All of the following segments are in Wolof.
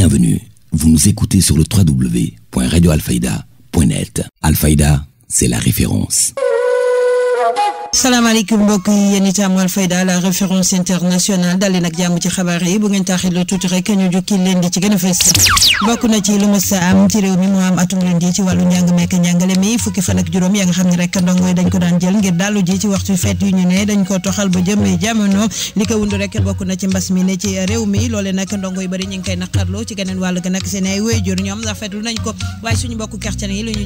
Bienvenue, vous nous écoutez sur le www.radioalfaïda.net. Alfaïda, c'est la référence. salaamaaleykum mbokk yi yéen itam Walfayda la référence internationale daal leen ak jàmm ci xabaar yi bu ngeen taaxee lu tuuti rek ñu a fës a am ci réew mi mu am atum ren ji ci wàllu ba jamono ko bokk na ci mbas mi ne ci réew mi loole nag ndongo yu bëri ñu ngi koy naqarloo ci geneen wàll ga nag seen ay wéyjur ñoom rafetlu nañ ko waaye suñu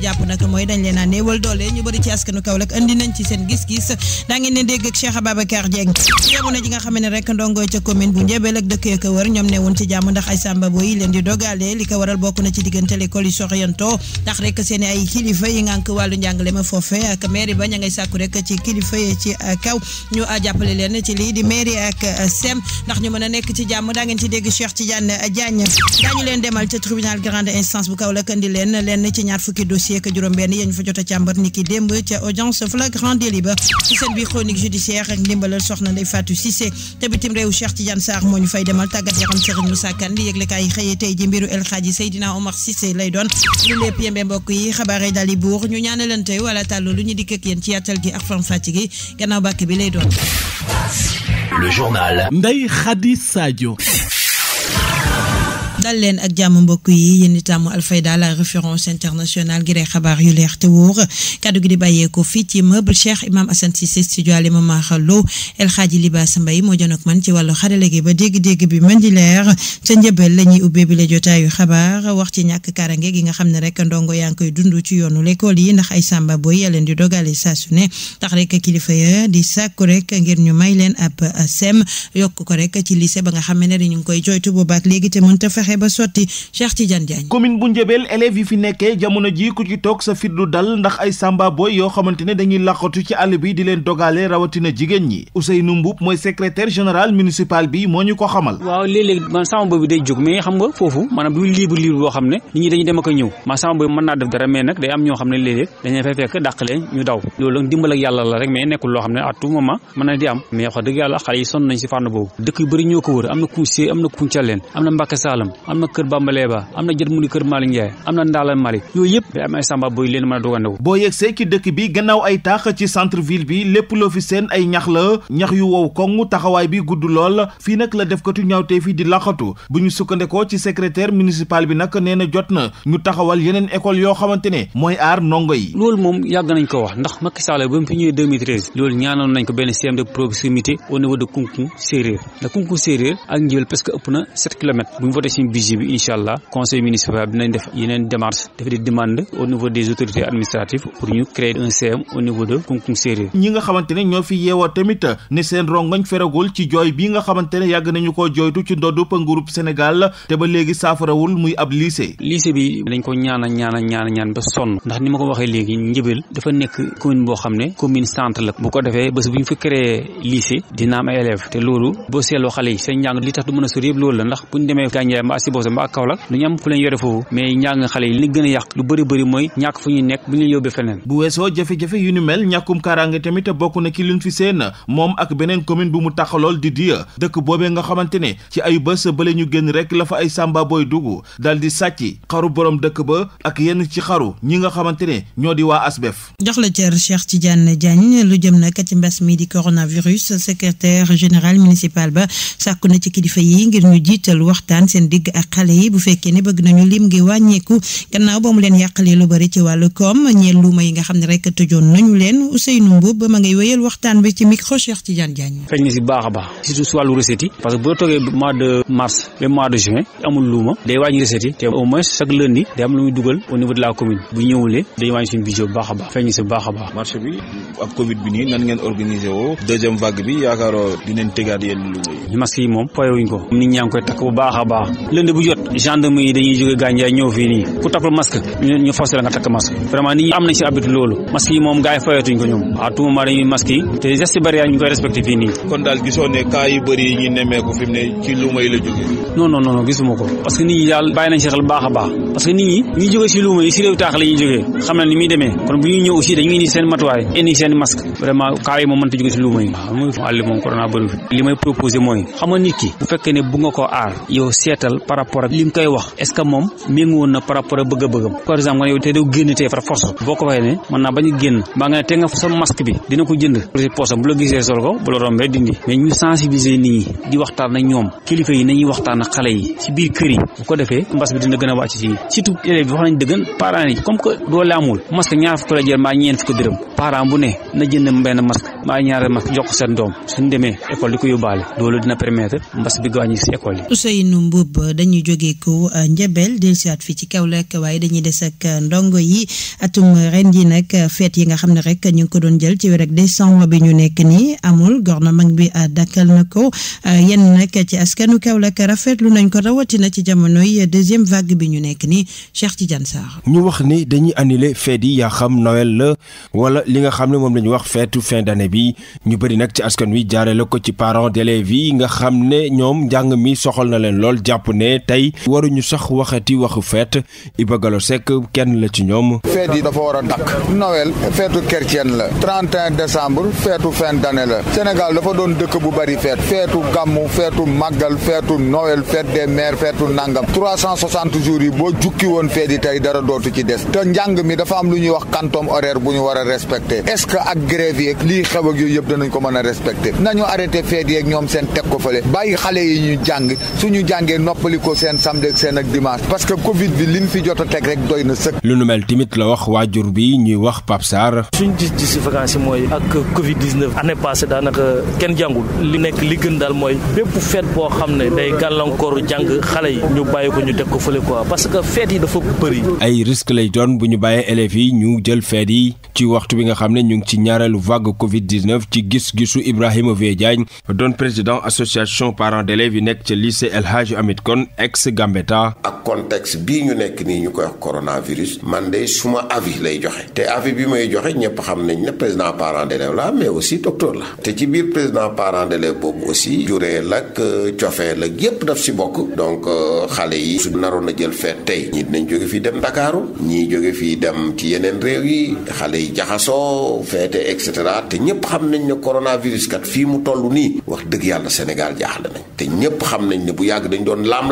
jàpp nag mooy dañ leen a néewal doole ñu bëri ci askanu Kaolack andi nañ ci seen gis-gis daa ngeen ne dégg ak Cheikh Ababacar Dieng yemoon na ji nga xam ne rek ndongo ca commune bu Ndiébel ak dëkk ya ko wër ñoom ne woon ci jàmm ndax ay samba boy yi leen di dogalee li ko waral bokk na ci diggante l'école yi soxyanto ndax rek seen ay kilifa yi ngànk wàllu njàngale ma foofe ak mairie ba ña ngay sàkku rek ci kilifa yi ci uh, kaw ñu uh, jàppale leen ci lii di mairie ak uh, sem ndax ñu mën a nekk ci jàmm daa ngeen ci dégg Cheikh Tidiane Diagne daañu leen demal ca grande instance bu Kaolack andi leen leen ci ñaar fukki dossier ak juróom-benn jot a càmbar ni ki démb ca audience flagrant délit ba ci seen biir chronique judiciaire ak ndimbalal soxna Ndeye Fatou Cissé te bitim réew Cheikh Tidiane Sarr moo ñu fay demal tàggat yaram Serigne Moussa Kane li yëgle kaay xëyee tey ji mbiru El Hadji Seydina Omar Cissé lay doon lu lépp yembe mbokk yi xabaar yi dali buur ñu ñaanalante wala tàllu lu ñu dikk ak yéen ci yàttal gi ak fam fàcc gi gannaaw bàkk bi lay doon. Le journal Ndeye Khady Sadio. dal leen ak jàmm mbokk yi yéen itam Alfayda la référence internationale ngir xabaar yu leer te wóor kaddu gi di bàyyeekoo fii ci meuble Cheikh Imam Assane si studio Alé Momar Lo El Hadji Libaas Mbaye moo janook man ci wàllu xarale gi ba dégg-dégg bi mën di leer ca njëbal la ñuy ubbee bi la jotaayu xabaar wax ci ñàkk karange gi nga xam ne rek ndongo yaa ngi koy dund ci yoonu lekkool yi ndax ay samba boy ya leen di dogale saa su ne tax rek kilifa ya di sàkku rek ngir ñu may leen ab sem yokk ko rek ci lycée ba nga xam ne ñu ngi koy jooytu boobaak fexe ba sotti Cheikh ci Diagne. commune bu Njëbel élèves yi fi nekkee jamono ji ku ci toog sa fit du dal ndax ay samba yoo xamante ne dañuy laqatu ci àll bi di leen dogale rawatina jigéen ñi Ousseynou Mboup mooy secrétaire général municipal bi moo ñu ko xamal. waaw léeg-léeg man bi day jóg mais xam nga foofu maanaam du libre xam ne nit ñi dañuy dem ak a ñëw maa sama boy mën naa def dara mais nag day am ñoo xam ne léeg-léeg dañuy fay fekk dàq leen ñu daw loolu nag yàlla la rek mais nekkul loo xam ne à tout moment mën na di am mais wax dëgg yàlla xale ko wër am na Koussé am na Kountialène am am na kër Bamba Leeba am na jët mu ni kër Malick Ndiaye am na Ndala Malick yooyu yëpp day am ay samba boy leen mën a dogandeku boo yegsee ci dëkk bi gannaaw ay taax ci centre ville bi lépp loo fi seen ay ñax la ñax yu wow koŋ taxawaay bi gudd lool fii nag la defkatu ñaawtee fii di laxatu bu ñu sukkandekoo ci secrétaire municipal bi nag nee na jot na ñu taxawal yeneen école yoo xamante ne mooy aar ndongo yi loolu moom yàgg nañ ko wax ndax Macky Sall ba mu ñaanoon nañ ko benn système au niveau de Kunku Séeréer ndax Kunku Séeréer ak budget bi incha allah conseil municipal dinañ def yeneen démarche def di demande au niveau des autorités administratives pour ñu créer un CM au niveau de Kunkung Séeréer ñi nga xamante ñoo fi yeewoo tamit ne seen rongoñ feragul ci jooy bi nga xamante yàgg nañu koo jooytu ci ndoddu nguurub Sénégal te ba léegi saafarawul muy ab lycée lycée bi dañ ko ñaan a ñaan a ñaan a ba sonn ndax ni ma ko waxee léegi njëbel dafa nekk commune boo xam a Sibassor mbaa Kaolack duñu am ku leen yore foofu mais njàng xale yi li gën a yàq lu bëri bëri mooy ñàkk fu ñuy nekk bu ñu yóbbee feneen bu weesoo jafe-jafe yu ni mel ñàkkum kaaraange tamit bokk na ci luñ fi seen moom ak beneen commune bu mu taxalool di diya dëkk boobee nga xamante ne ci ay bés bale ñu génn rek la fa ay sàmba booy dugg daal di sàcc xaru borom dëkk ba ak yenn ci xaru ñi nga xamante ñoo di waa asbef jox la cër Cheikh Tidiane Diagne lu ci mbas nekk ak xale yi bu fekkee ne bëgg nañu lim gi wàññeeku gannaaw ba mu leen yàqalee lu bari ci wàllu koom ñeel luuma yi nga xam ne rek tëjoon nañu leen Ousseynou Mboup ba ma ngay wéyal waxtaan bi ci micro Cheikh Tidiane Diagne. feeñ na si baax a baax surtout si wàllu recette parce que boo toogee mois de mars ba mois de juin amul luuma day wàññi recette te au moins chaque lundi day am lu muy dugal au la commune bu ñëwulee day wàññi suñu budget baax a baax feeñ na si baax a baax. lënd bu jot gendarme yi fii nii ku takkul masque ñu forcé la nga takk masque vraiment nit ñi am nañ si habitude loolu masque yi moom gars yi fayatuñ ko ñoom à tout moment dañuy masque yi te yi ñu nemmeeku fi si luuma yi si réew taax kon bu ñuy ñëw aussi ah, mooy xam nga nit bu fekkee ne bu nga ko aar yow seetal par rapport ak li nga koy wax est ce que moom woon na par rapport a génn mbaa mbas bi dina gën a wàcc ci ñaar fukk la jox seen doom suñ demee école di ko yóbbaale loolu dina permettre mbas bi gaañu ci école yi dañuy jógee ko euh, njëbel dellusiwaat fii ci Kaolack waaye dañuy des ak euh, ndongo yi atum ren ji nag euh, fête yi nga xam ne rek ñu ngi ko doon jël ci weer ak décembre bi ñu nekk nii amul mag bi dakkal na ko yenn nag ci askanu Kaolack rafetlu nañ ko rawatina ci jamono jamonoy deuxième vague bi ñu nekk nii Cheikh Tidiane Sarr. ñu wax ni dañuy annuler feet yi yaa xam Noël la wala li nga xam ne moom la ñu wax feetu fin d'année bi ñu bëri nag ci askan wi jaaree ko ci parents d'élèves yi nga xam ne ñoom njàng mi soxal ne tey waruñu sax waxati waxu feet Iba Galo Seck kenn la ci ñoom. feet yi dafa war a dakk Noël feetu chrétienne la 31 décembre feetu fin d'année la Sénégal dafa doon dëkk bu bari feet feetu gàmmu feetu màggal feetu nowel fête des mères feetu nangam 360 jours yi boo jukki woon feet yi tey dara dootu ci des te njàng mi dafa am lu ñuy wax kantoom horaire bu ñu war a respecté est-ce que ak grève yeeg lii xew ak yooyu yëpp danañ ko mën a respecté nañu arrêté feet yeeg ñoom seen teg ko fële booli ko seen samedi ak seen ak dimanche parce que Covid bi liñ fi jot a teg rek doy na sëkk. lu nu mel tamit la wax waajur bi ñuy wax Pape Sarr. suñ gis-gis vacances yi mooy ak Covid 19 année daanaka kenn jàngul li nekk li gën daal mooy bépp fête boo xam ne day gàllankooru jàng xale yi ñu bàyyi ko ñu teg ko fële ko parce que feet yi dafa bëri. ay risque lay doon bu ñu bàyyee élèves yi ñu jël fête yi ci waxtu bi nga xam ne ñu ngi ci ñaareelu vague Covid 19 ci gis-gisu Ibrahima Vieye Diagne doon président association parents nekk ca lycée Antoine ex Gambetta. ak contexte bii ñu nekk nii ñu koy wax coronavirus. man de suma avis lay joxe. te avis bi may joxe ñëpp xam nañ ne président parent d'élève la mais aussi docteur la. te ci biir président parent d'élève boobu aussi. juree lak cofee la euh, yépp daf si bokk. donc euh, xale yi. su naroon na jël feet tey. ñii dinañ jóge fii dem Ndakaaru ñii jóge fii dem ci yeneen réew yi xale yi jaxasoo feete et cetera te ñëpp xam nañ ne coronavirus kat fii mu toll nii. wax dëgg yàlla Sénégal jaaxle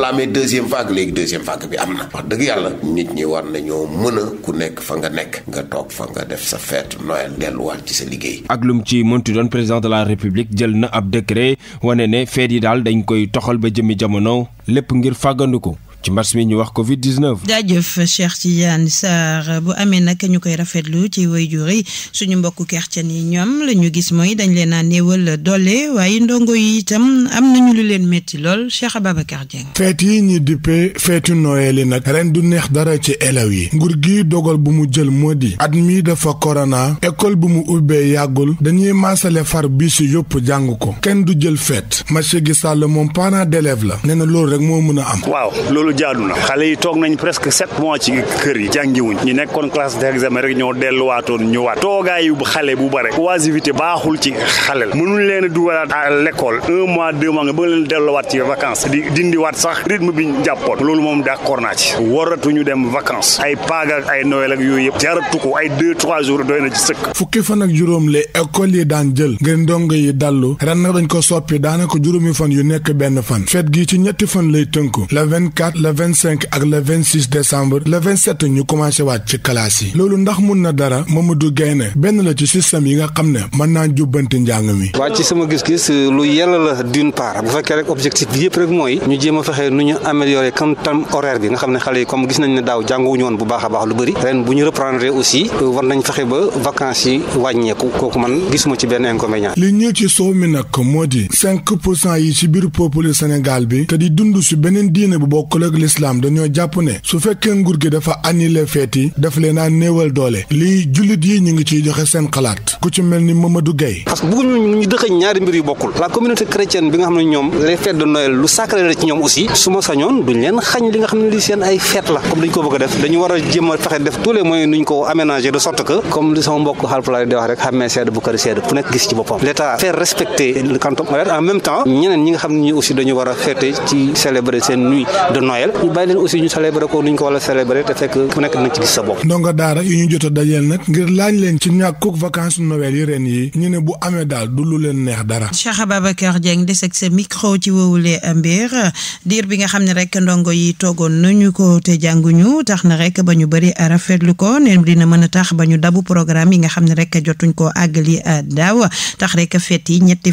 lamlaamee deuxième vague léegi deuxième vague bi am na wax dëgg yàlla nit ñi war nañoo mën a ku nekk fa nga nekk nga toog fa nga def sa fête Noël delluwaat ci sa liggéey. ak lum ci mënti doon président de la république jël na ab décret wane ne feet yi daal dañ koy toxal ba jëmmi jamono lépp ngir ko ci mbas mi ñu wax Covid 19. jaajëf Cheikh Tidiane Sarr bu amee nag ñu koy rafetlu ci waajur yi suñu mbokku kercen yi ñoom la ñu gis mooy dañ leen a néewal doole waaye ndongo yi itam am nañu lu leen métti lool Cheikh Ababacar Dieng. feet yi ñu dippe feetu noël yi nag ren du neex dara ci élèves yi nguur gi dogal bu mu jël moo di at mi dafa corona école bu mu ubbee yàggul dañuy maasale far bi si yëpp jàng ko kenn du jël feet Massé Guissal moom parent d'élève la nee loolu rek moo mën a am. waaw loolu loolu jaadu xale yi toog nañ presque sept mois ci kër yi jàngiwuñ ñu nekkoon classe d'examen rek ñoo delluwaatoon ñëwaat toogaayu xale bu bare oisiveté baaxul ci xale la mënuñ leen a duwalaat à l'école un mois deux mois nga bëgg leen delluwaat ci vacances di dindiwaat sax rythme bi ñu jàppoon loolu moom d'accord naa ci waratuñu dem vacances ay Pâques ak ay Noël ak yooyu yëpp jaratu ko ay deux trois jours doy na ci sëkk. fukki fan ak juróom le école yi daan jël le vingt cinq ak le vingt six ñu commencé waat ci classe yi loolu ndax mun na dara Mamadou Guèye benn la ci système yi nga xam ne mën naa jubbanti njàng mi. waa ci sama gis-gis lu yàlla la d'une part bu fekkee rek objectif bi yëpp rek mooy ñu jéem a fexe nu ñu améliorer comme tam horaire bi nga xam ne xale yi comme gis nañ ne daaw jànguwuñu woon bu baax a baax lu bëri ren bu ñu reprendre aussi war nañ fexe ba vacances yi wàññeeku kooku man gisuma ci benn inconvénient. li ñëw ci soow mi nag moo di yi ci bi te di dund si beneen diine bu ak lislaam dañoo jàpp ne su fekkee nguur gi dafa annulé feet yi daf leen a néewal doole lii jullit yi ñu ngi ciy joxe seen xalaat ku ci mel ni Mamadou Gueye parce que bëgguñu ñu dëxëñ ñaari mbir yu bokkul la communauté chrétienne bi nga xam ne ñoom les fêtes de Noël lu sacré la ci ñoom aussi su ma sañoon duñ leen xañ li nga xam ne li seen ay fête la comme dañ ko bëgg def dañu war a fexe def tous les nuñ ko aménager de sorte que comme li sama doyal ñu bàyyi leen aussi ñu célébrer ko ni ñu ko war a célébrer te fekk ku nekk dina ci sa bopp ndongo daara yu ñu jot a dajeel nag ngir laaj leen ci ñàkkug vacances Noël yi ren yi ñu ne bu amee daal du lu leen neex dara Cheikh Ababacar des ak sa micro ci wowule mbir diir bi nga xam ne rek ndongo yi toogoon nañu ko te jànguñu tax na rek ba ñu bëri rafetlu ko ne dina mën a tax ba ñu dabu programme yi nga xam ne rek jotuñ koo àggali euh, daaw a rek fête yi ñetti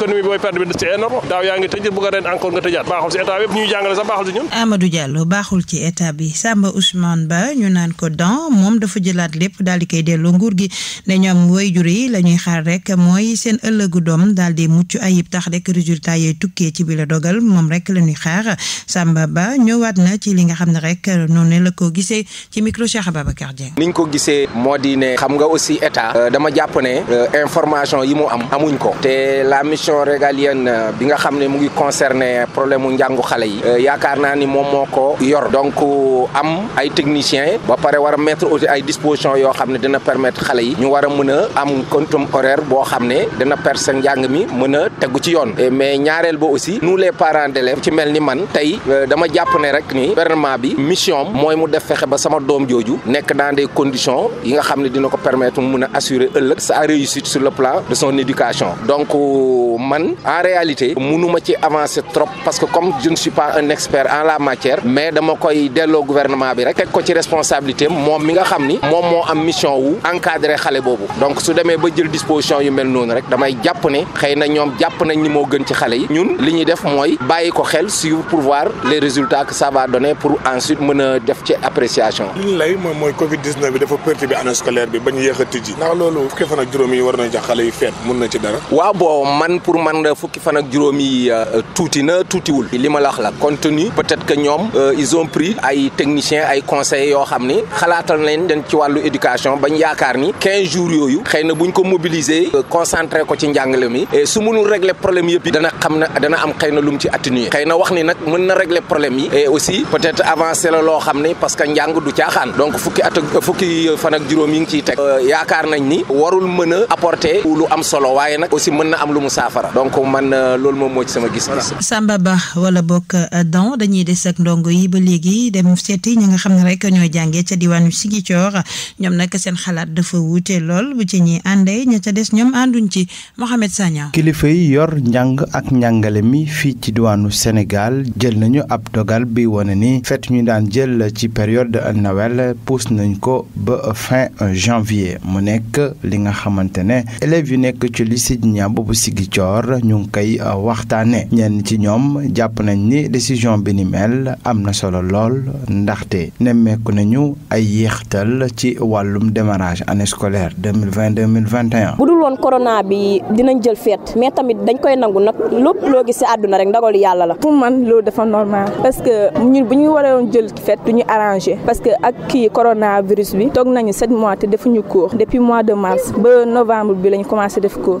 économie bi mooy perte bi c'est énorme daaw yaa ngi tëj bu ko encore nga tëjaat baaxul ci état bi Samba Ousmane Ba ñu naan ko dan moom dafa jëlaat lépp daal di koy delloo nguur gi ne ñoom waajur yi la ñuy xaar rek mooy seen ëllëgu doom daal di mucc ayib tax rek résultat yooyu tukkee ci bi la dogal moom rek la ñuy xaar Samba Ba ñëwaat na ci li nga xam ne rek noonu la ko gisee ci micro Cheikh Babacar Dieng niñ ko gisee moo di ne xam nga aussi état euh, dama jàpp ne euh, information yi mu am amuñ ko te convention régalienne euh, bi nga xam ne mu ngi concerné problème mu njàngu xale yi euh, yaakaar naa ni moom moo ko yor donc euh, am ay techniciens ba pare war a mettre aussi ay dispositions yoo xam ne dina permettre xale yi ñu war a mën a am quantum horaire boo xam ne dina permettre njàng mi mën a tegu ci yoon mais ñaareel ba aussi nous les parents d'élèves ci mel ni man tey dama jàpp ne rek ni gouvernement bi mission mooy mu def fexe ba sama doom jooju nekk dans des conditions yi nga xam ne dina ko permettre mu a assurer ëllëg sa réussite sur le plan son éducation man en réalité mënuma ci avancer trop parce que comme je ne suis pas un expert en la matière mais dama koy delloo gouvernement bi rek teg ko ci responsabilité moom mi nga xam ni moom moo am mission wu encadrer xale boobu donc su demee ba jël disposition yu mel noonu rek damay jàpp ni xëy na ñoom jàpp nañ ni moo gën ci xale yi ñun li ñuy def mooy bàyyi ko xel suivre pour les résultats que ça va donner pour ensuite mën a def ci appréciation. li ñu moom mooy Covid bi dafa perte bi année bi bañ yéex a tijji ndax loolu fukki fan ak juróom yi war nañ jox xale na ci dara. pour man fukki fan ak juróom yi euh, tuuti na tuutiwul li ma la wax la compte tenu peut-être que ñoom euh, ils ont pris ay techniciens ay conseillers yoo xam ni xalaatal nañ leen ci wàllu éducation bañ yaakaar ni 15 jours yooyu xëy na buñ ko mobiliser euh, concentré ko ci njàngale mi et su mënul régler problème yëpp yi dana xam na dana am xëy na lu mu ci atténuer xëy na wax ni nag mën na régler problème yi et aussi peut-être avancé la loo xam ni parce que njàng du caaxaan donc fukki at ak fukki fan ak juróom yi ngi ciy teg yaakaar nañ ni warul mën a apporter lu am solo waaye nag aussi mën na am lu mu safara donc man euh, loolu moom moo sama gis-gis. Samba Ba wala bokk Adam euh, dañuy des ak ndongo yi ba léegi dem seeti ñi nga xam ne rek ñooy jàngee ca diwaanu Ziguinchor ñoom nag seen xalaat dafa wuute lool bu ci ñi àndee ña ca des ñoom ànduñ ci Mohamed Sagna. kilifa yi yor njàng ak njàngale mi fii ci diwaanu Sénégal jël nañu ab dogal bi wane ni fête ñu daan jël ci période de Noël pousse nañ ko ba fin janvier mu nekk li nga xamante ne élèves yu nekk ci lu Djignabo bu Podor ñu ngi koy euh, waxtaane ñenn ci ñoom jàpp nañ ni décision bi ni mel am na solo lool ndaxte nemmeeku nañu ay yéextal ci wàllum démarrage année scolaire 2020 2021. bu dul woon corona bi dinañ jël feet mais tamit dañ koy nangu nag lépp loo gis ci àdduna rek ndogalu yàlla la. pour man loolu dafa normal parce que ñun bu ñu waroon jël feet du ñu arrangé ak kii coronavirus bi toog nañu sept mois te defuñu cours depuis mois de mars ba novembre bi lañ commencé def cours.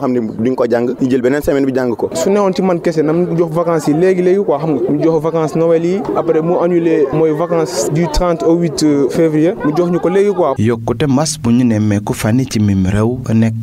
xam ne duñ ko jàng ñu jël beneen semaine bi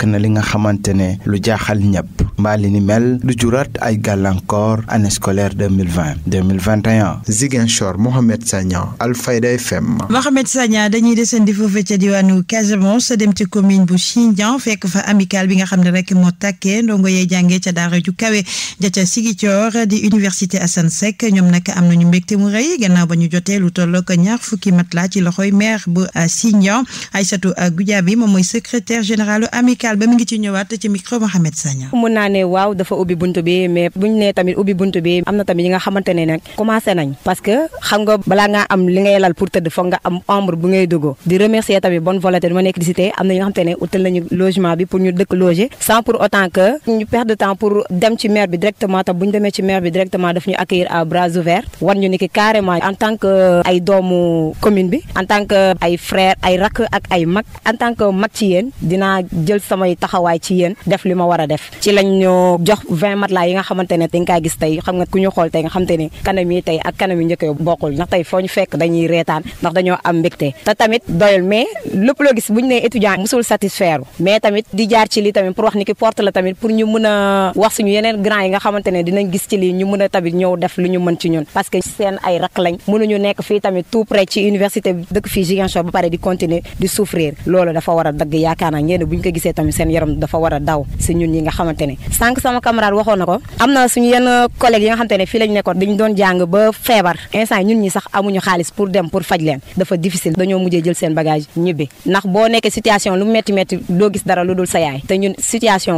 na li nga xamante ne lu jaaxal ñëpp mbaa li ni mel lu juraat ay gàllankoor année scolaire 2020 2021 Ziguinchor Mohamed Sagna Alfayda FM. Mohamed Sagna dañuy desandi foofu ca diwaanu Casamance dem ci commune bu Sindian fekk fa amicale bi nga xam ne rek moo tàkkee ndongo yee jàngee ca daara ju kawe ja ca Sigicoor di université Assane Seck ñoom nag am nañu mbégte mu rëy gannaaw ba ñu jotee lu toll ñaar fukki matelas ci loxoy maire bu Signan Aïssatou Goudiaby moom mooy secrétaire général amical ba mi ngi ci ñëwaat ci micro Mohamed Sagna. mun naa ne nga am li lal pour tëdd foog nga am ombre bu ngay duggoo di remercier tamit bonne volonté dama nekk di cité am nañu logement bi pour ñu dëkk pour autant que ñu perdre de temps pour dem ci maire bi directement te bu ñu demee ci maire bi directement ñu accueillir à en tant que ay doomu commune bi en tant que ay frère ay rakk ak ay mag en tant que mag ci yéen dina jël samay taxawaay ci yéen def li ma war a def ci lañ ñu jox vingt matelas yi nga xamante ne dañ kaa gis tey xam nga ku ñu xool tey nga xamante ne kanam yi tey ak kanam yi njëkkee bokkul ndax tey foo ñu fekk dañuy reetaan ndax dañoo am mbégte te tamit doyul mais lépp loo gis bu ñu mais tamit di jaar ci li tamit pour wax ni porte la tamit pour ñu mën a wax suñu yeneen grand yi ci lii parce que seen ay rak lañ mënuñu nekk fii tamit tout près ci université bi dëkk fii ba pare di continuer di souffrir loolu dafa war a dagg yaakaar naa ngeen bu tamit seen yaram dafa war daw si ñun yi nga na ko am na suñu yenn collègue yi doon jàng ba feebar instant ñun ñi sax amuñu xaalis pour dem pour faj leen dafa difficile dañoo mujjee jël seen bagage ñibbi ndax boo nekkee situation lu metti metti doo gis dara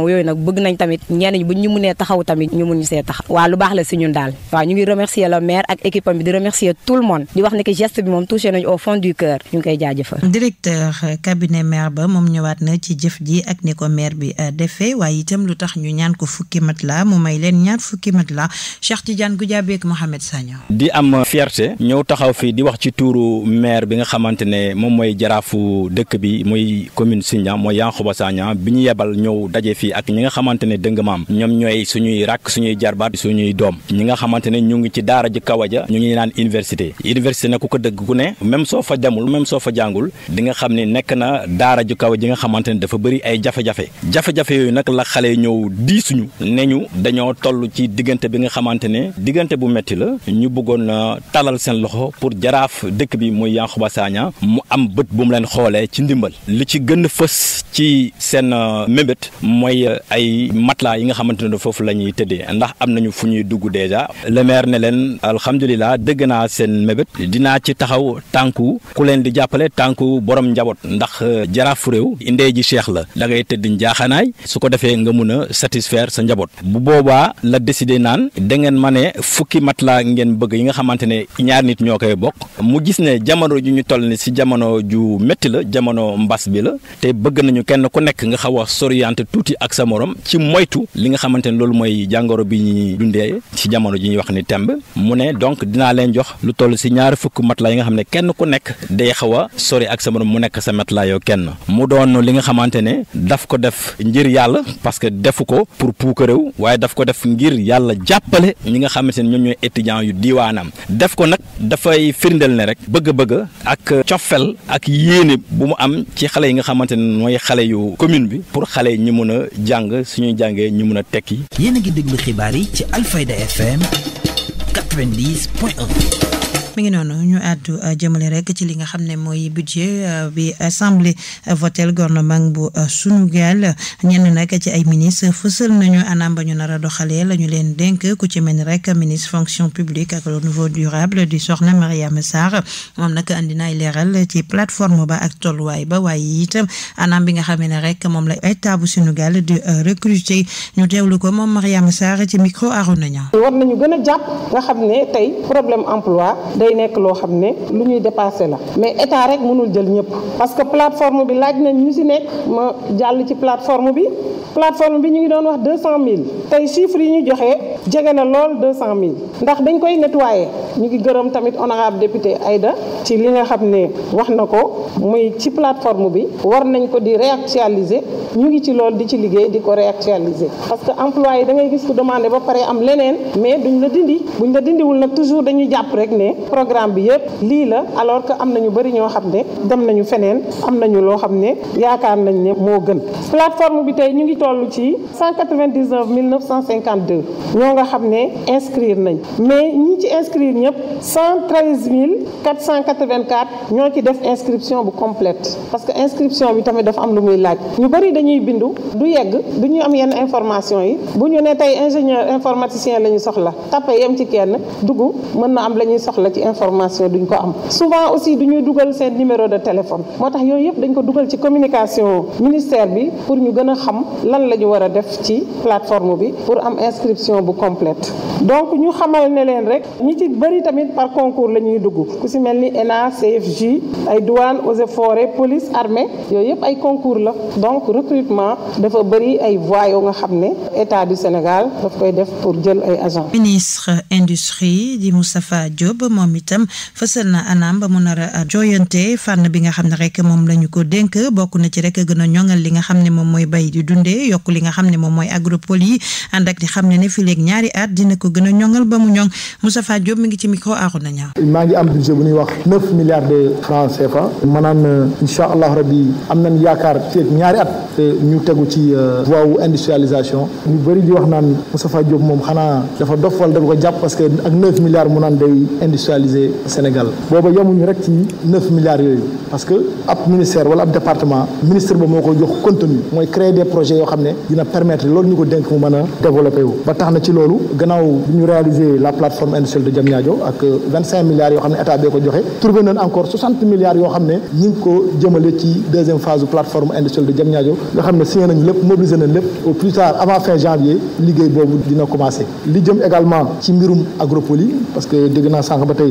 question yooyu nag bëgg nañ tamit ñenn ñi bu ñu mënee taxaw tamit ñu mun ñu see taxaw waaw lu baax la si ñun daal waaw ñu ngi remercier le maire ak équipe bi di remercier tout le monde di wax ne que bi euh, na ci ji ak ni ko maire bi euh, defee waaye itam lu tax ñu ñaan ko fukki mat la mu may leen ñaar fukki mat la Cheikh Tidiane Goudiaby ak Mohamed Sagna. di am fierté ñëw taxaw fii di wax ci tuuru maire bi nga xamante ne moom mooy jaraafu dëkk bi muy commune Sindian mooy Yankhoba Sagna bi ñu yi ak ñi nga xamante ne dëng maam ñoom ñooy suñuy rakk suñuy jarbaat ñuy doom ñi nga xamante ne ñu ngi ci daara ji kaw ja ñu ngi naan université université na ku ko dëgg ku ne même soo fa demul même soo fa jàngul di nga xam ne nekk na daara ju kaw ji nga xamante ne dafa bëri ay jafe-jafe jafe-jafe yooyu nag la xale ñëw diisuñu ne ñu dañoo toll ci diggante bi nga xamante ne diggante bu metti la ñu buggoon na talal seen loxo pour jaraaf dëkk bi muy Yankhoba Sagna mu am bët bu leen xoolee ci ndimbal li ci a ci seen euh, mébét ay ay matelas yi nga xamante foofu la ñuy tëddee ndax am nañu fu ñuy dugg dèjà le ne leen alhamdulilah dëgg naa seen mébét dinaa ci taxaw tànku ku leen di jàppale tànku borom njaboot ndax euh, jaraafu réew indee ji cheikh la da ngay tëdd njaaxanaay su ko defee nga mun a satisfaire sa njaboot bu boobaa la décider naan da ngeen ma ne fukki matelas ngeen bëgg yi nga xamante ne ñaar nit ñoo koy bokk mu gis ne jamono ju ñu toll ni si jamono ju métti la jamono mbas bi ak sa morom ci moytu li nga xamante ne loolu mooy jàngoro bi ñu dundee ci jamono ji ñuy wax ni temb mu ne donc dinaa leen jox lu toll si ñaari fukk matelas yi nga xam ne kenn ku nekk day xaw a sori ak sa moroom mu nekk sa matelas yow kenn mu doon li nga xamante ne daf ko def ngir yàlla parce que defu ko pour puukaréew waaye daf ko def ngir yàlla jàppale ñi nga xamante ne ñoom ñooy étudiants yu diwaanam def ko nag dafay firndeel ne rek bëgg-bëgg ak cofel ak yéene bu yi nga xamante ne mooy jàng suñu jàngee ñu mun a tekki. yéen a ngi déglu xibaar yi ci Alfayda FM 90 mi ngi noonu ñu àddu euh, jëmale rek ci li nga xam ne mooy budget euh, bi assemblée euh, votel gouvernement bu Sunugal ñenn nag ci ay ministre fësal nañu anam ba ñu nara a doxalee la ñu leen denk ku ci mel ni rek ministre fonction publique ak le nouveau durable di soxna Mariama Sarr moom nag andi naay leeral ci plateforme ba ak tolluwaay ba waaye itam anam bi nga xamee ne rek moom la état bu Sunugal di recruter ñu teewlu ko moom Mariama Sarr ci micro Arouna Niang war day nekk loo xam ne lu ñuy dépassé la mais état rek mënul jël ñëpp parce que plateforme bi laaj nañ ñu si nekk ma jàll ci plateforme bi plateforme bi ñu ngi doon wax deux cent mille tey chiffre yi ñu joxe jege na lool deux cent mille ndax dañ koy nettoyer ñu ngi gërëm tamit honorable député Aïda ci li nga xam ne wax na ko muy ci plateforme bi war nañ ko di réactualiser ñu ngi ci lool di ci liggéey di ko réactualiser parce que emploi yi da ngay gis ku demandé ba pare am leneen mais duñ la dindi buñ la dindiwul nag toujours dañuy jàpp rek ne programme bi yëpp lii la alors que am na ñu bari ñoo xam ne dem nañu feneen am nañu loo xam ne yaakaar nañ ne moo gën plateforme bi tey ñu ngi toll ci 199 952 ñoo nga xam ne inscrire nañ mais ñi ci inscrire ñëpp 113 484 ñoo ci def inscription bu complète parce que inscription bi tamit dafa am lu muy laaj ñu bëri dañuy bindu du yegg du ñu am yenn information yi bu ñu ne tey ingénieur informaticien la soxla tapé yem ci kenn dugg mën na am la ñuy soxla ci ci information duñ ko am souvent aussi du ñuy dugal seen numéro de téléphone moo tax yooyu yëpp dañ ko dugal ci communication ministère bi pour ñu gën a xam lan la ñu war a def ci plateforme bi pour am inscription bu complete donc ñu xamal ne leen rek ñi ci bëri tamit par concours la ñuy dugg ku si mel ni ENA CFJ ay douane eaux et forêts police armée yooyu yëpp ay concours la donc recrutement dafa bëri ay voies yoo nga xam ne état du Sénégal daf koy def pour jël ay agents. moom itam fësal na anam ba mu nar a jooyante fànn bi nga xam ne rek moom la ko dénk bokk na ci rek gën a ñoŋal li nga xam ne moom mooy bay di dundee yokk li nga xam ne moom mooy agropole yi fii léegi ñaari at dina ko a mu ñoŋ Moustapha Diop mi ngi ci micro Arouna Niang maa ngi am budget bu ñuy wax neuf milliards de francs CFA maanaam euh, incha allah yaakaar ci ñaari ñu tegu ci euh, voie wu industrialisation ñu bëri di wax naan Moustapha Diop moom xanaa dafa dof wala dafa ko jàpp parce que ak neuf milliards mu naan day industrialisation industrialiser Sénégal booba yemuñu rek ci neuf milliards yooyu parce que ab ministère wala ab département ministre ba moo ko jox contenu mooy créer des projets yoo xam ne dina permettre loolu ñu ko dénk mu mën a ba tax na ci loolu gannaaw bi ñu réaliser la plateforme industrielle de Diamniadio ak milliards yoo xam ne état bee ko joxe trouvé nañ encore milliards yoo xam ne ñi ko jëmale ci deuxième phase plateforme industrielle de Diamniadio nga xam ne signé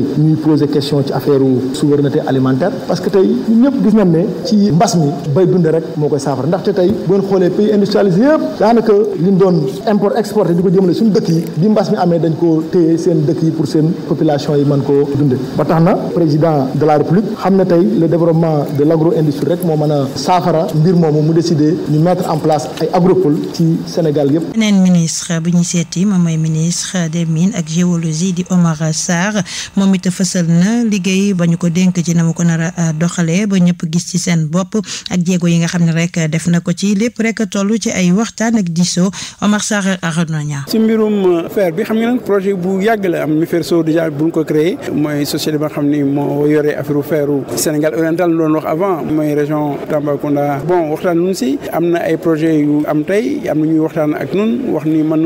tey ñuy poser question ci affaire souveraineté alimentaire parce que tey ñun ñëpp gis nañ ne ci mbas mi bay dund rek moo koy saafara ndaxte tey bu ngeen xoolee pays industrialisé yëpp daanaka liñ doon import exporté di ko jëmale suñu dëkk yi bi mbas mi amee dañ ko téye seen dëkk yi pour seen population yi mën koo dunde ba tax na président de la république xam ne tey le développement de l' agro industrie rek moo mën a saafara mbir moomu mu décidé ñu mettre en place ay agropole ci Sénégal moom it fësal na liggéey ba ñu ko dénk ci na mu ko a euh, doxalee ba ñëpp gis ci seen bopp ak jéego yi nga xam ne rek def na ko ci lépp rek toll ci ay waxtaan ak diisoo Omar Sarr Arouna ci mbirum euh, fer bi xam nga nag projet bu yàgg la am mi fer soo déjà bu ñu ko créé mooy société ba xam ni moo yore affaire feeru Sénégal oriental loolu wax avant mooy région Tambacounda bon waxtaan nun si am na ay projet yu am tey am na ñuy waxtaan ak nun wax ni mën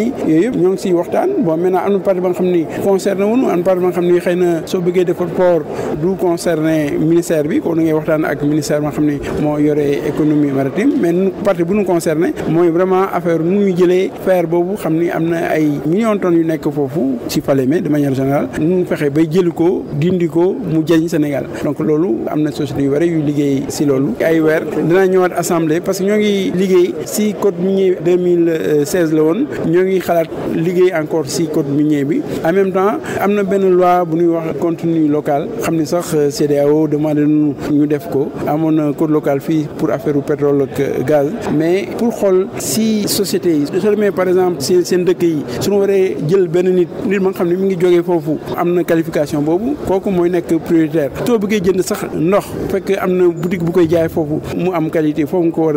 yi yooyu yëpp ñoo ngi siy waxtaan bon maintenant am na parti ba nga xam ni concerné wuñu am parti ba nga xam ni xëy soo bëggee defar port du concerné ministère bi kon da ngay waxtaan ak ministère ba nga xam ni moo yore économie maritime mais nu parti bu ñu concerné mooy vraiment affaire nu nu fexe bay jëli ko dindi ko mu jëriñ Sénégal donc loolu am na société yu bëri yu liggéey si loolu ay weer dinaa ñëwaat assemblée parce que ñoo ngi liggéey si code minier ngi xalaat liggéey encore si code minier bi en même temps am na benn loi bu ñuy wax contenu local xam ne sax euh, CEDEAO demandé nu ñu def ko amoon na code local fii pour affaire u pétrole ak euh, gaz mais pour xool si société yi soo demee par exemple seen seen dëkk yi su suñu waree jël benn nit nit ma nga xam ne mu ngi jógee foofu am na qualification boobu kooku mooy nekk prioritaire soo bëggee jënd sax ndox fekk am na boutique bu koy jaay foofu mu am qualité foofu nga ko war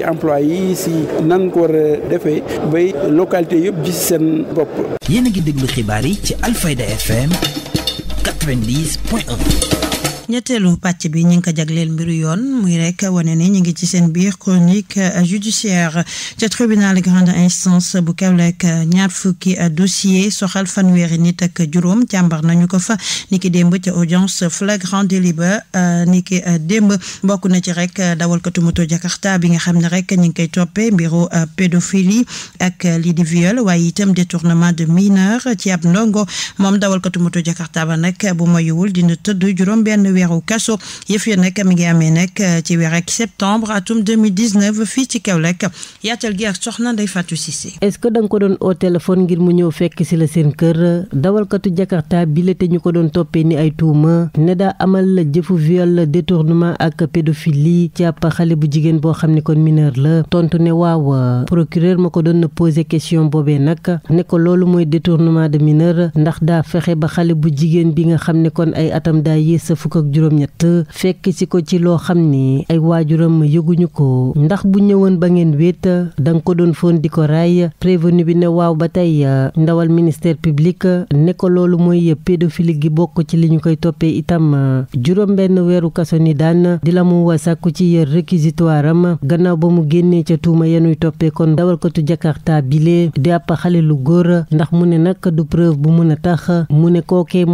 a mooy taxawaay yi si nan ko war a defee bay localité yëpp gis seen bopp. yéen a ngi déglu xibaar yi ci Alfayda FM 90 point ñetteelu pàcc bi ñu ngi ko jagleel mbiru yoon muy rek wane ni ñu ngi ci seen biir chronique euh, judiciaire ca tribunal grande instance bu Kaolack euh, ñaar fukki euh, dossier soxal fanweeri nit ak juróom càmbar nañu ko fa niki démb ca audience flagrant délit ba niki démb bokk na ci rek dawalkatu moto Jakarta bi nga xam ne rek ñu ngi koy toppee mbiru pédophilie ak lii di viol waaye itam détournement de mineur ci ab ndongo moom dawalkatu moto Jakarta ba nag bu mayuwul dina weeru kaso yëf ya nag mi ngi amee nag euh, ci da nga ko doon au téléphone ngir mu ñëw fekk si la seen kër dawalkatu Jakarta bi te ñu ko doon toppee ni ay tuuma ne daa amal jëfu viol détournement ak pédophilie ci ab xale bu jigéen boo xam ne kon mineur la tontu ne waaw euh, procureur ma ko doon posé question boobee nag ne ko loolu mooy détournement de mineur ndax daa fexe ba xale bu jigéen bi nga xam ne kon ay atam daa yées sa fukk ak juróom-ñett fekk si ko ci loo xam ni ay waajuram yëguñu ko ndax bu ñëwoon ba ngeen wéet danga ko doon foon di ko raay prévenu bi ne waaw ba tey ndawal ministère public ne ko loolu mooy pédophile gi bokk ci li ñu koy toppee itam juróom-benn weeru kaso ni daan di la mu sàkku ci réquisitoire am gannaaw ba mu génnee ca tuuma yenuy toppee kon dawalkatu Jakarta bile di àpp xale lu góor ndax mu ne nag du preuve bu mën a tax mu ne kookee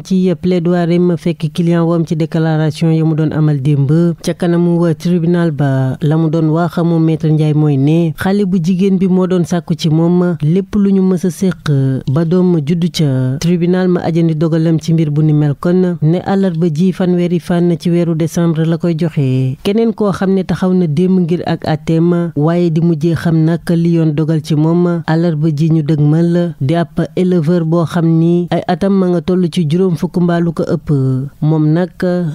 moom ci plaidoirie ma fekk client wam ci déclaration ya mu doon amal démb ca kanamu tribunal ba la mu doon wax moom maître Ndiaye mooy ne xale bu jigéen bi moo doon sàkku ci moom lépp lu ñu mës a séq ba doom ma juddu ca tribunal ma ajandi dogalam ci mbir bu ni mel kon ne àllarba ji fanweeri fànn ci weeru décembre la koy joxe keneen koo xam ne taxaw na démb ngir ak ma waaye di mujjee xam nag li yoon dogal ci moom àllarba ji ñu dëgmal di ab ma nga juróom fukk mbaa lu moom nag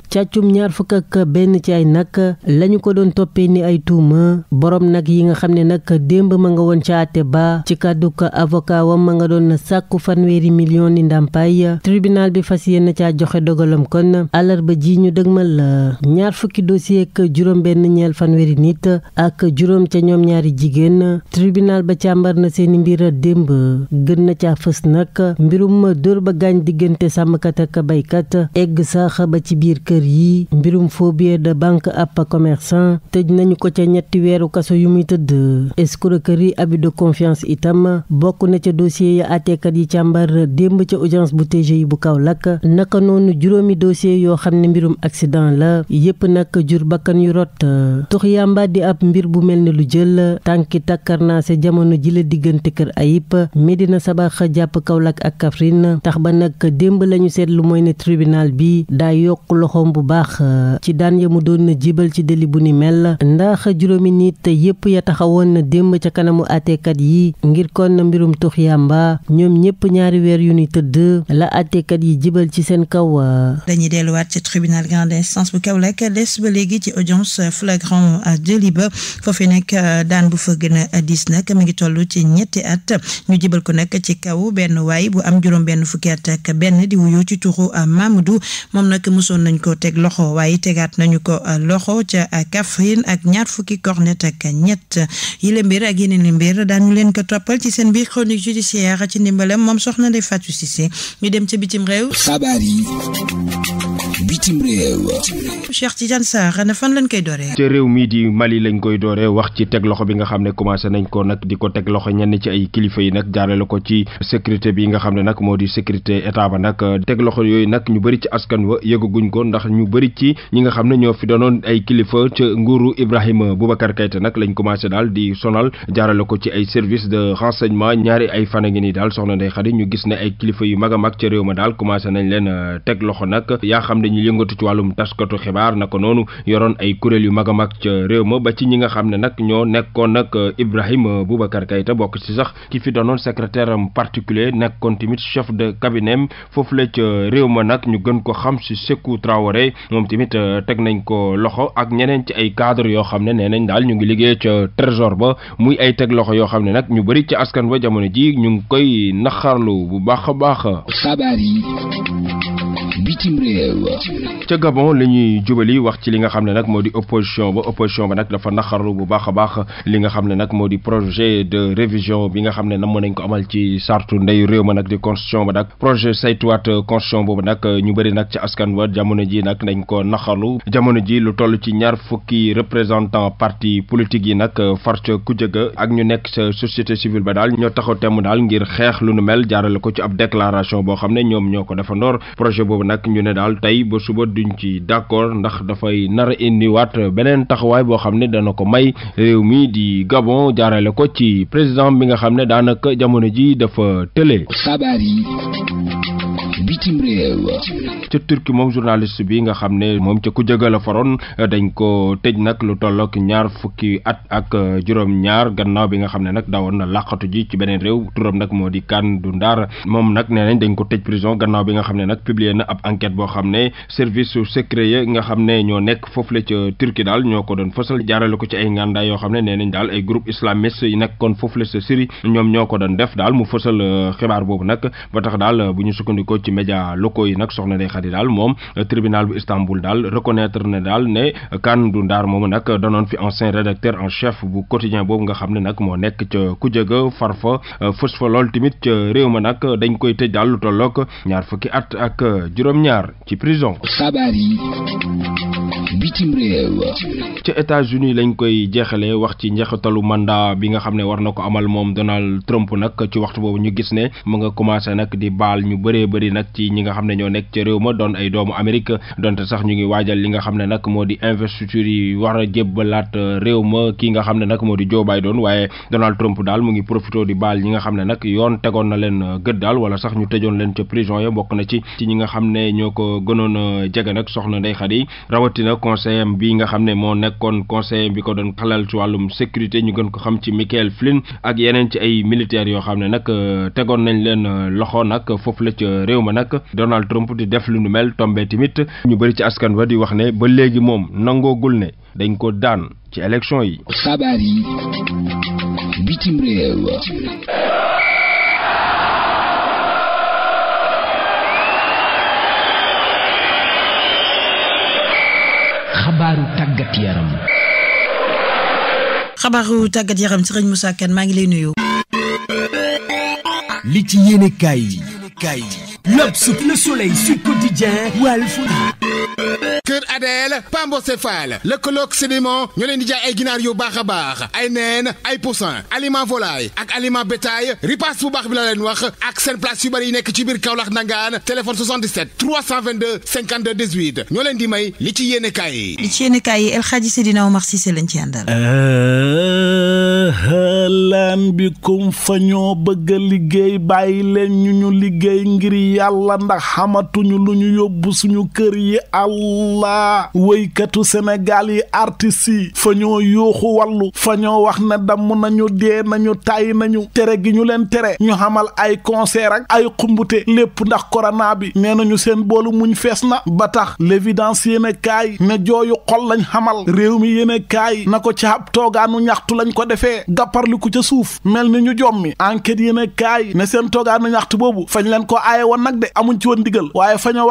càccum ñaar fukk ak benn ci ay nag lañu ko doon toppee ni ay tuuma boroom nag yi nga xam ne nag démb ma nga woon ca àtte ba ci kàddu ko avocat wam ma nga doon sàkku fanweeri million ni ndàmpaay tribunal bi fas yéen caa joxe dogalam kon àllarba ji ñu dëgmal ñaar fukki dossier ak juróom benn ñeel fanweeri nit ak juróom ca ñoom ñaari jigéen tribunal ba càmbar na seeni mbir démb gën na caa fës nag mbirum dóor ba gaañ diggante sàmm sàmmkat ak baykat egg sax ba ci biir kër yi mbirum faux billet de banque ab commerçant tëj nañu ko ca ñetti weeru kaso yu muy tëdd escroquerie abus de confiance itam bokk na ca dossier ya àtteekat yi càmbar démb ca audience bu yi bu Kaolack naka noonu juróomi dossier yoo xam ne mbirum accident la yépp nag jur bakkan yu rot tux yàmba di ab mbir bu mel ni lu jël tànki takkarnaase jamono ji la diggante kër ayib Medina Sabax jàpp Kaolack ak Kaffrine tax ba nag démb seetlu mooy ne tribunal bi daay yokk loxoom bu baax euh, ci daan ya mu doon na jibal ci délit bu ni mel ndax juróomi nit yëpp ya taxawoon na démb ca kanamu àtteekat yi ngir kon na mbirum tux yàmba ñoom ñëpp ñaari weer yu ni tëdd la àtteekat yi jibal ci seen kaw. Euh. dañuy delluwaat ci tribunal grande instance bu Kaolack des ba léegi ci audience flagrant délit ba foofu nekk euh, daan bu fa gën a diis nag mi ngi toll ci ñetti at ñu jibal ko nag ci kaw benn waay bu am juróom ci turu euh, Mamadou moom nag mosoon nañ ko teg loxo waaye tegaat nañu ko euh, loxo ca euh, Kaffrine ak ñaar fukki cornet ak ñett yile mbir ak yeneen i mbir daañu leen ko toppal ci seen biir chronique judiciaire ci ndimbalam moom soxna Ndeye Fatou Cissé ñu dem ca bitim réew. xabaar yi. bitim réew. Cheikh Tidiane Sarr na fan lañ koy dooree. ca réew mii di Mali lañ koy doore wax ci teg loxo bi nga xam ne commencé nañ ko nag di ko teg loxo ñenn ci ay kilifa yi nag jaarale ko ci sécurité bi nga xam ne nag moo di sécurité état ba nag teg loxo yooyu nag ñu bëri ci askan yëgaguñ ko ndax ñu bëri ci ñi nga xam ne ñoo fi doonoon ay kilifa ca nguuru Ibrahima Boubacar Keïta nag lañ commencé daal di sonal jaarale ko ci ay service de renseignement ñaari ay fan a ngi nii daal soxna Ndeye Khady ñu gis ne ay kilifa yu mag a mag ca réew ma daal commencé nañ leen euh, teg loxo nag yaa xam ne ñu yëngatu ci wàllum taskatu xibaar naka noonu yoroon ay kuréel yu mag a mag ca ma ba ñi nga xam ne nag ñoo nekkoon nag euh, Ibrahima Boubacar Keïta bokk ci sax ki réew ma nag ñu gën ko xam ci Sékou Traoré moom tamit euh, teg nañ ko loxo ak ñeneen ci ay cadre yoo xam ne nee nañ daal ñu ngi liggéey ca trésor ba muy ay teg loxo yoo xam ne nag ñu bëri ci askan ba jamono ji ñu ngi koy naxarlu bu baax a baax xabaar bitim réew ca Gabon li ñuy jubali wax ci li nga xam ne nag moo di opposition ba opposition ba nag dafa naqarlu bu baax a baax li nga xam ne nag moo di projet de révision bi nga xam ne nag namoon nañ ko amal ci sartu ndeyu réew ma nag di constitution ba nag projet saytuwaat constitution boobu nag ñu bëri nag ci askan wa jamono ji nag nañ ko naqarlu jamono ji lu toll ci ñaar fukki représentant parti politique yi nag far ca ku jëga ak ñu nekk ca société civile ba daal ñoo taxaw temm daal ngir xeex lu nu mel jaarale ko ci ab déclaration boo xam ne ñoom ñoo ko dafa ndoor projet boobu nag ñu ne daal tey ba suba duñ ci d'accord ndax dafay nar a indiwaat beneen taxawaay boo xam ne dana ko may réew mi di Gabon jaarale ko ci président bi nga xam ne daanaka jamono ji dafa tële. xabaar yi. bitim réew ca turki moom journaliste bi nga xam ne moom ca ku jëga a faroon dañ ko tëj nag lu tollook ñaar fukki at ak juróom-ñaar gannaaw bi nga xam ne nag dawoon na làqatu ji ci beneen réew turam nag moo di kan du ndaar moom nag nee nañ dañ ko tëj prison gannaaw bi nga xam ne nag publier na ab enquête boo xam ne service su secret yi nga xam ne ñoo nekk foofu la ca turki daal ñoo ko doon fësal jaarale ko ci ay ngàndaay yoo xam ne nee nañ daal ay groupe islamiste yi nekkoon foofu la sa ñoom ñoo ko doon def daal mu fësal euh, xibaar boobu nag ba daal bu ñu sukkandikoo ci média locaux yi nag soxna Ndeye Khady daal moom tribunal bu Istanbul daal reconnaître ne daal ne kan du ndaar moomu nag danoon fi ancien rédacteur en chef bu quotidien boobu nga xam ne nag moo nekk ca ku jëga far fa fës fa lool tamit ca réew ma nag dañ koy tëj daal lu tollook ñaar fukki at ak juróom-ñaar ci prison xabaar yi bitim réew ca États-Unis lañ koy jeexale wax ci njeexitalu mandat bi nga xam ne war na ko amal moom Donald Trump nag ci waxtu boobu ñu gis ne mu nga commencé nag di baal ñu bëree bëri nag ci ñi nga xam ne ñoo nekk ca réew ma doon ay doomu Amérique donte sax ñu ngi waajal li nga xam ne nag moo di investiture yi war a jébbalaat réew ma kii nga xam ne nag moo di Joe Biden waaye Donald Trump daal mu ngi profité di baal ñi nga xam ne nag yoon tegoon na leen daal wala sax ñu tëjoon leen ca prison bokk na ci ci ñi nga xam ne ñoo ko gënoon a jege nag soxna Ndeye Khady rawatina conseiller bi nga xam ne moo nekkoon conseiller bi ko doon xalal ci wàllum sécurité ñu gën ko xam ci Michael Flynn ak yeneen ci ay militaires yoo xam ne nag euh, tegoon nañ leen euh, loxo nag foofu la ca réew ma nag Donald Trump di def lu nu mel tombe tamit ñu bëri ci askan ba di wax ne ba léegi moom nangoogul ne dañ ko daan ci élection yi. xabaaru tàggat yaram. xabaaru tàggat yaram Serigne Moussa Kane maa ngi lay nuyu. li ci yéene kaay yi kaay yi. L'Obs, Le Soleil, Sud Quotidien, Walf. Kër Adel Pambo Céphale lëkkaloog sédiment ñoo leen di jaay ay ginaar yu baax a baax ay neen ay poussin aliment volaille ak aliment bétail ripaas bu baax bi la leen wax ak seen place yu bëri yi nekk ci biir Kaolack lax téléphone 77 322 52 18 ñoo leen di may li ci yéene kaay yi. yi El Hadji Seydina Omar Cissé lañ ci àndal. bi kum fa ñoo bëgg a liggéey bàyyi leen ñu ñu liggéey ngir yàlla ndax xamatuñu lu ñu yóbbu suñu kër yi allah wëykatu Sénégal yi artistes yi fa ñoo yuuxu wàllu fa ñoo wax ne damm na ñu dee nañu na ñu tere gi ñu leen tere ñu xamal ay concert ay xumbute lépp ndax korona bi nee nañu seen boolu muñ fees na ba tax l'évidence yéen kaay ne jooyu xol lañ xamal réew mi yéen kaay na ko caab toogaanu ñaxtu lañ ko defee gàpparliku ca suuf mel ni ñu jommi enquête yéen kaay ne seen toogaanu ñaxtu boobu fañ leen ko aaye woon nag de amuñ ci woon ndigal waaye fa ñoo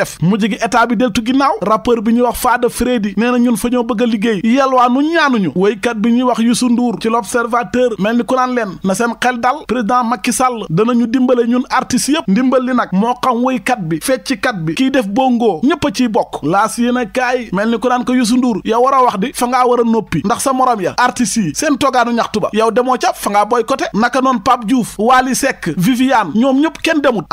def mujj gi état bi deltu ginnaaw rappeur bi ñuy wax Fada Freddy nee na ñun fa ñoo bëgg a liggéey yelwaanu ñaanuñu woykat bi ñuy wax Youssou Ndour ci l'observateur mel ni ku naan leen na seen xel dal président Macky Sall danañu dimbale ñun artistes yëpp ndimbal li nag moo xam woykat bi fecckat bi kiy def bongo ñëpp a ciy bokk laas yéen a kaay mel ni ku naan ko Youssou Ndour yow war a wax di fa ngaa war a noppi ndax sa morom ya artistes yi seen toogaanu ñaxtu ba yow demoo ca fa ngaa boycotté naka noonu Pape Diouf Wally Seck Viviane ñoom ñëpp kenn demut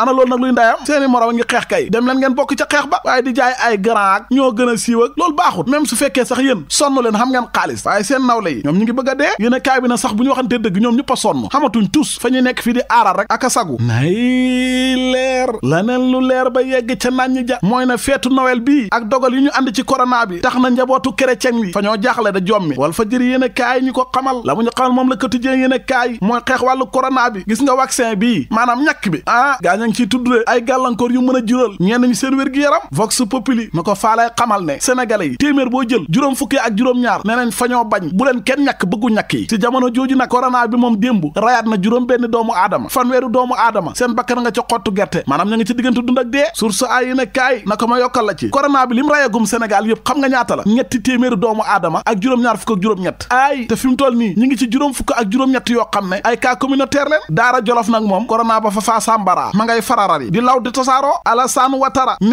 ca xeex ba waaye di jaay ay grand ak ñoo gën a siiw loolu baaxut même su fekkee sax yéen sonn leen xam ngeen xaalis waaye seen nawle yi ñoom ñu ngi bëgg de dee yéen a kaay bi na sax bu ñu waxantee dëgg ñoom ñëpp a sonn xamatuñ tus fa ñu nekk fii di aaral rek ak a sagu nay leer laneen lu leer ba yegg ca naan ñi ja mooy na feetu Noël bii ak dogal yu ñu ànd ci corona bi tax na njabootu chrétien yi fa ñoo jaaxle da jommi wal fa jëri yéen a kaay ñu ko xamal la mu ñu xamal moom la quotidien yéen a kaay mooy xeex wàllu corona bi gis nga vaccin bii maanaam ñàkk bi ah gaa ña ngi ciy tudd ay gàllankoor yu mën a jural ñenn ñu seen wér wér-gu-yaram vox populi na ko faalay xamal ne sénégalais yi téeméer boo jël juróom fukki ak juróom-ñaar ne nañ fañoo bañ bu leen kenn ñàkk bëggu ñàkk yi ci jamono jooju nag corona bi moom démb rayaat na juróom benn doomu aadama fanweeru doomu aadama seen bakkan nga ca nga ñaata la ñetti téeméeri doomu aadama ak juróom-ñaar fukk juróom-ñett aay te fi nii ñi ngi ci juróom fukk ak juróom-ñett yoo xam ne ay cas communautaire leen daara jolof nag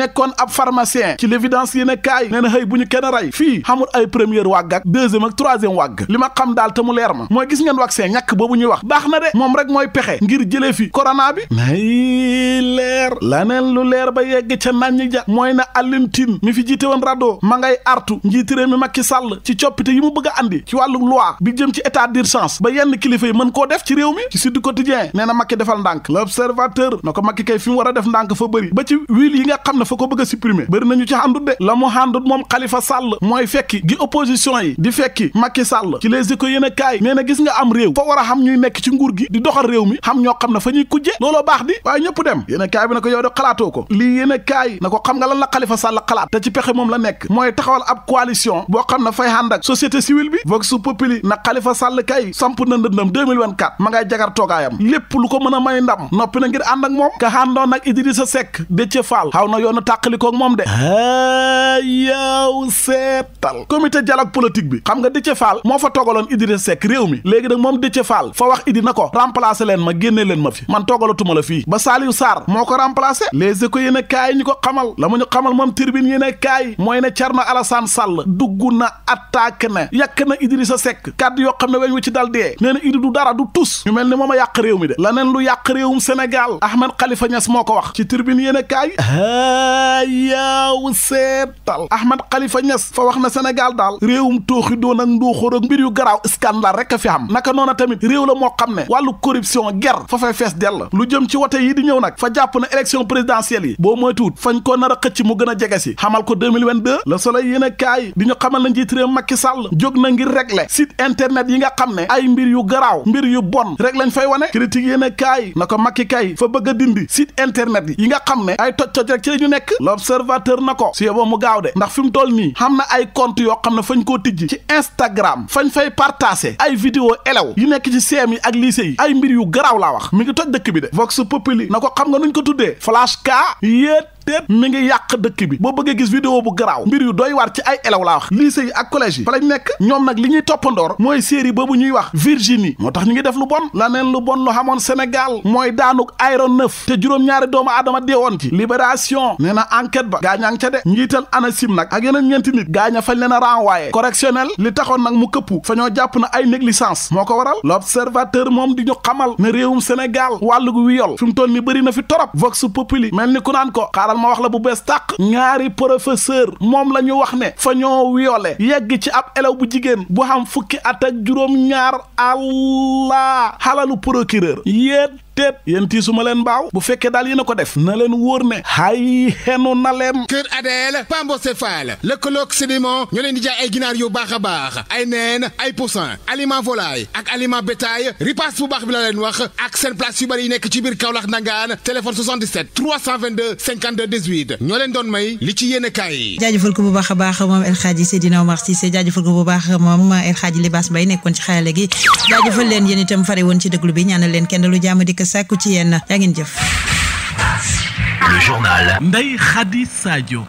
nekkoon ab pharmacien ci l'évidence yéen a kaay nee na xëy bu ñu kenn rey fii xamul ay première wàgg ak deuxième ak wàgg li ma xam daal te leer ma mooy gis ngeen vaccin ñàkk boobu ñuy wax baax na de moom rek mooy pexe ngir jëlee fi corona bi nay leer nen lu leer ba yegg ca nañ ja mooy na Alioune Tine mi fi jiite woon rado ma ngay artu njiiti réew mi Macky Sall ci coppite yi mu bëgg a andi ci wàllu loi bi jëm ci état d'urgence ba yenn kilifa yi mën koo def ci réew mi ci Sud Quotidien nee na Macky defal ndànk l'observateur na ko Macky kay mu war a def ndànk fa bëri yi dafa ko bëgg a supprimer bëri nañu ci àndut de la mu àndut moom Khalifa Sall mooy fekki gi opposition yi di fekki Macky Sall ci les éco yéen a kaay nee na gis nga am réew fa war a xam ñuy nekk ci nguur gi di doxal réew mi xam ñoo xam ne fa ñuy kujje looloo baax di waaye ñëpp dem yéen a kaay bi na ko yow de xalaatoo ko lii yéen a kaay na ko xam nga lan la Khalifa Sall xalaat te ci pexe moom la nekk mooy taxawal ab coalition boo xam ne fay ànd ak société bi vox populi na Khalifa Sall kay samp na ndëndam 2024 ma ngay jagar toogaayam lépp lu ko mën a may ndam noppi na ngir ànd ak moom ka àndoon ak Idrissa Seck Déthié Fall na yoon yoonu tàqalikoog moom de a yaaw seetal comité dialogue politique bi xam nga Déthié faal moo fa toogaloon Idrissa Seck réew mi léegi nag moom Déthié faal fa wax Idi na ko remplacer leen ma génnee leen ma fi man toogalatuma la fii ba Saliou saar moo ko remplacer les échos yéen a kaay ñu ko xamal la mu ñu xamal moom tribune yéen a kaay mooy ne Thierno Alassane Sall dugg na attaque na yàq na Idrissa Seck kàddu yoo xam ne weñ wu ci dal dee nee na Idi du dara du tus ñu mel ni moom a yàq réew mi de la neen lu yàq réewum Sénégal Ahmed Khalifa Niass moo ko wax ci tribune yéen a yaaw seetal Ahmed Khalifa Niass fa wax na Sénégal daal réewum tooxi doon ak ndooxóor ak mbir yu garaaw scandale rek a fi am naka noona tamit réew la moo xam ne wàllu corruption ger fa fay fees dell lu jëm ci wote yi di ñëw nag fa jàpp na élection présidentielle yi boo moytuwut fañ ko nar a xëcc mu gën a jege si xamal ko 2022 le soleil yéen a kaay di ñu xamal na njiit réew Macky Sall jóg na ngir régler site internet yi nga xam ne ay mbir yu garaaw mbir yu bon rek lañ fay wane critique yéen a kaay na ko Macky kay fa bëgg a dindi site internet yi nekk l'observateur na ko su yeboo mu gaaw de ndax fi mu toll nii xam na ay compte yoo xam ne fañ koo tijji ci Instagram fañ fay partagé ay vidéo élèves yi nekk ci CM yi ak lycée yi ay mbir yu garaaw laa wax mi ngi toj dëkk bi de Vox Populi na ko xam nga nuñ ko tuddee flash cas yéet déet mi ngi yàq dëkk bi boo bëggee gis vidéo bu garaaw mbir yu doy waar ci ay elew wax lycée yi ak collège yi fa lañ nekk ñoom nag li ñuy toppandoor mooy série boobu ñuy wax Virginie moo tax ñu ngi def lu bon la neen lu bon lu xamoon Sénégal mooy daanuk Iron 9 te juróom-ñaari doomu aadama woon ci libération nee na enquête ba gaañaa ngi ca de njiital ANACIM nag ak yeneen ñeenti nit gaaña fañ leen a renvoyé correctionnel li taxoon nag mu këppu fa ñoo jàpp na ay négligence moo ko waral l'observateur moom di ñu xamal ne réewum Sénégal wàllu gu wi yol fi mu toll ni bëri na fi torop vox populi mel xaaral ma wax la bu bees tàq ñaari professeur moom la ñu wax ne fa ñoo wiyoole yegg ci ab elew bu jigéen bu xam fukki at ak juróom ñaar allah xalalu procureur déet yéen tii su ma leen baaw bu fekkee daal yéen a ko def na leen wóor ne hay xenu na leem kër Adel Pambo Céphale lëkkaloog sédiment ñoo leen di jaay ay ginaar yu baax a baax ay neen ay poussin aliment volaille ak aliment bétail ripaas bu baax bi la leen wax ak seen place yu bëri yi nekk ci biir Kaolack nangaan téléphone ñoo leen doon may li ci yéen a kaay jaajëfal ko bu baax a baax moom El Hadji Seydina Omar ci xarale gi jaajëfal ci déglu bi ñaanal leen kenn lu jàmm dikk rek ci yéen yaa ngeen jëf. Le journal Ndeye Khady Sadio.